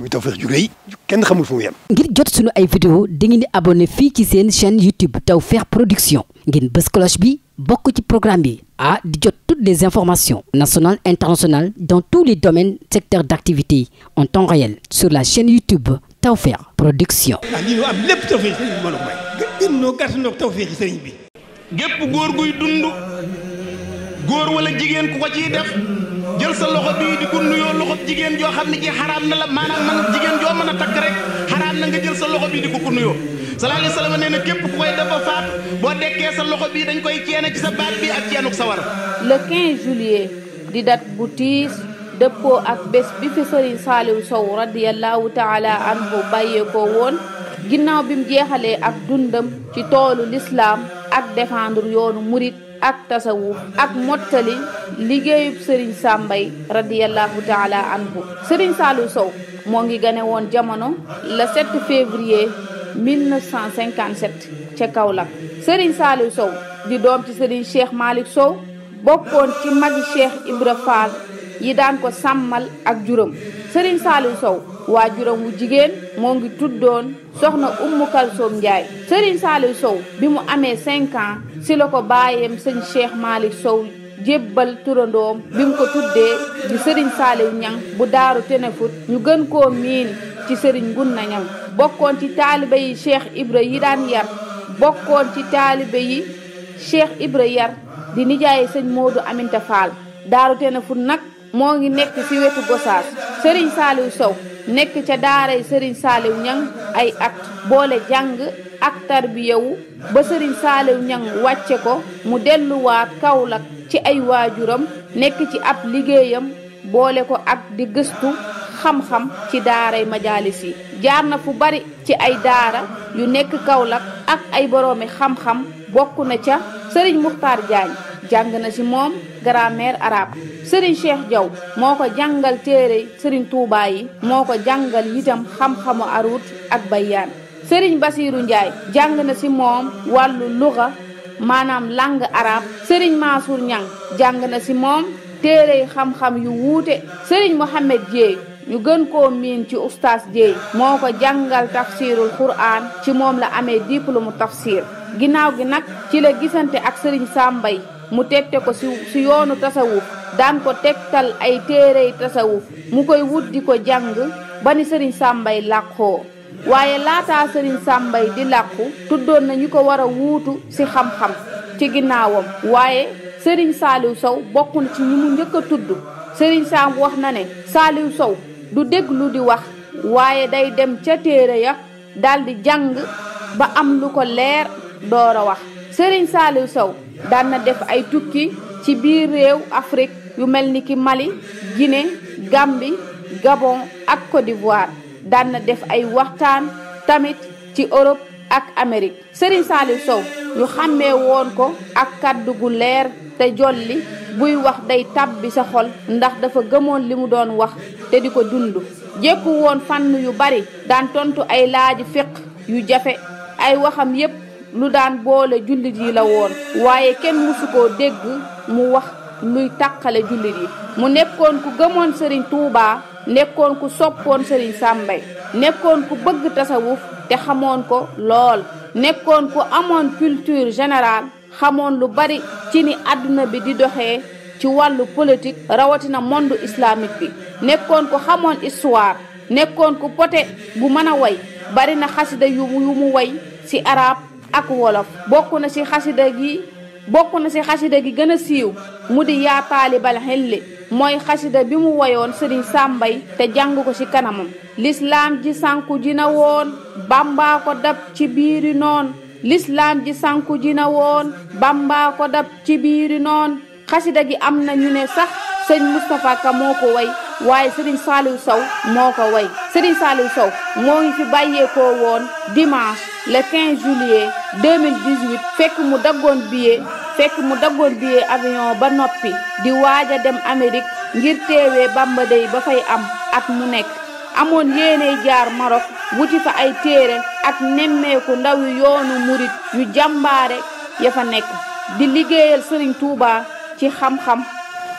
muy Tawfekh ju rëy kenn xamul fu mu yem. ngir jot sunu ay vidéo dangeen di abonné fii ci seen chaîne YouTube Tawfekh Production ngeen bës cloche bi bokk ci programme bi ah di jot toutes les informations nationales internationales dans tous les domaines secteurs d'activité en temps réel sur la chaîne YouTube Tawfekh Production. ah lii am lépp Tawfekh sëriñ bi bi. gépp góor guy dund góor wala jigéen ku ko ciy def. jël sa loxo bii di ko nuyoo loxo jigéen joo xam ne ji xaraam na la maanaam man jigéen joo mën a takk rek xaraam na nga jël sa loxo bii di ko ko nuyoo sallallahu alayhi wa sallam nee képp ku koy dafa faat boo dekkee sa loxo bii dañ koy ceene ci sa baat bi ak ceenuk sa war le 15 juillet di date bu tiis dëppoo ak bés bi fi sëriñ Saaliw Sow radiyallahu am anhu bàyyeekoo woon ginnaaw bi mu jeexalee ak dundam ci toolu lislaam ak défendre yoonu murit ak tasawuf ak mottali liggéeyub sëriñ sàmbay radiallahu taala anhu sëriñ Saliou Sow moo ngi gane woon jamono le 7 février 1957 ca Kaolack sëriñ Saliou Sow di doom ci sëriñ Cheikh Malick Sow bokkoon ci magi Cheikh Ibra Fall yi daan ko sàmmal ak juróom sëriñ Saliou Sow waajuram wu jigéen moo ngi tuddoon soxna Umu Kalsoom Njaay sëriñ Saliou Sow bi mu amee cinq ans si ko bàyyeem sëñ Cheikh Malick Sow jébbal turandoom bim ko tuddee di sëriñ Saliou Ñang bu daaru Tenefut ñu gën koo miin ci sëriñ Ngunna nañam bokkoon ci taalibe yi Cheikh Ibra yi daan yar bokkoon ci taalibe yi Cheikh Ibra yar di nijaaye sëñ Modou Aminta Fall daaru Tenefut nag moo ngi nekk ci wetu Gosaas Serigne Saliou Sow nekk ca daaray Serigne Saliou Niang ay at boole jàng ak tarbiyawu ba Serigne Saliou Niang wàcce ko mu delluwaat Kaolack ci ay waajuram nekk ci ab liggéeyam boole ko ak di gëstu xam-xam ci daaray majalis yi jaar na fu bari ci ay daara yu nekk Kaolack ak ay boroomi xam-xam bokk na ca Serigne Muxtaar Jaañ jàng na ci moom grameer arabe Serigne Cheikh Diaw moo ko jàngal téere Serigne Touba yi moo ko jàngal itam xam-xamu arut ak bayyaan Serigne Basirou Ndiaye jàng na si moom wàllu luga maanaam langue arabe Serigne Mansour Niang jàng na si moom téere xam-xam yu wuute Serigne Mohamed Dieye ñu gën ko miin ci oustaz Dieye moo ko jàngal tafsirul quran ci moom la amee diplôme tafsir ginnaaw gi nag ci la gisante ak sëriñ sàmbay mu tegte ko si yoonu tasawu daan ko tegtal ay téerey tasawu mu koy wut di ko jàng ba ni sëriñ Sambay làqoo waaye laata sëriñ Sambay di làqu tuddoon na ñu ko war a wuutu ci xam-xam ci ginnaawam waaye sëriñ Saaliw Sow bokk na ci ñi mu njëkk a tudd Serigne Samb wax na ne Saliou Sow du déglu di wax waaye day dem ca téere ya daldi jàng ba am lu ko leer door wax Serigne Saliou Sow daan def ay tukki ci biir réew Afrique yu mel ni ki Mali Guinée gàmbi Gabon ak Côte d'Ivoire daan def ay waxtaan tamit ci Europe ak Amérique Serigne Saliou Sow ñu xàmmee woon ko ak kàddu gu leer te jolli buy wax day tàbbi sa xol ndax dafa gëmoon li mu doon wax te di ko dund jékku woon fànn yu bari daan tontu ay laaji fiq yu jafe ay waxam yépp lu daan boole jullit yi la woon waaye kenn mësu koo dégg mu wax luy taqale jullit yi mu nekkoon ku gëmoon Serigne Touba nekkoon ku soppoon sëriñ sàmbay nekkoon ku bëgg tasawuf te xamoon ko lool nekkoon ku amoon culture général xamoon lu bari ci ni àdduna bi di doxee ci wàllu politik rawatina monde islamique bi nekkoon ko xamoon histoire nekkoon ku pote bu mën a way bari na xasida yu yu mu way ci arab ak wolof bokk na ci xasida gi bokk na ci xasida gi gën a siiw mu di yaa taalibal xelli mooy xasida bi mu woyoon sëriñ sàmbay te jàng ko ci kanamam lislaam ji sànku ji na woon bàmbaa dab ci biiri noon lislaam ji sànku ji na woon bàmbaa dab ci biiri noon xasida gi am na ñu ne sax sëñ Moustapha Ka moo ko way waaye sëriñ Saliou Sow moo ko way sëriñ Saliou Sow moo ngi fi bàyyeekoo woon dimanche le fin juillet 2018 fekk mu daggoon billet fekk mu daggoon billet avion ba noppi di waaj a dem Amérique ngir teewee Bamba Day ba fay am at mu nekk amoon yéeney jaar Maroc wuti fa ay téere ak nemmeeku ndaw yu yoonu murit yu jàmbaare ya fa nekk di liggéeyal sëriñ Touba ci xam-xam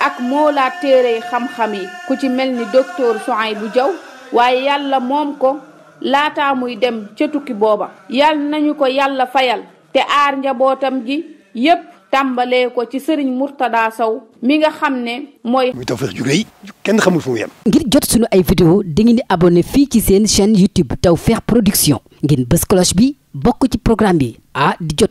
ak moolaa téere yi xam-xam yi ku ci mel ni docteur bu Diaw waaye yàlla moom ko laata muy dem ca tukki booba yal nañu ko yàlla fayal te aar njabootam gi yépp tàmbalee ko ci sëriñ Mourtada Sow mi nga xam ne mooy. muy Tawfekh ju rëy kenn xamul fu mu ngir jot sunu ay vidéo dangeen di abonné fii ci seen chaîne YouTube feex Production ngeen bës cloche bi bokk ci programme bi ah di jot.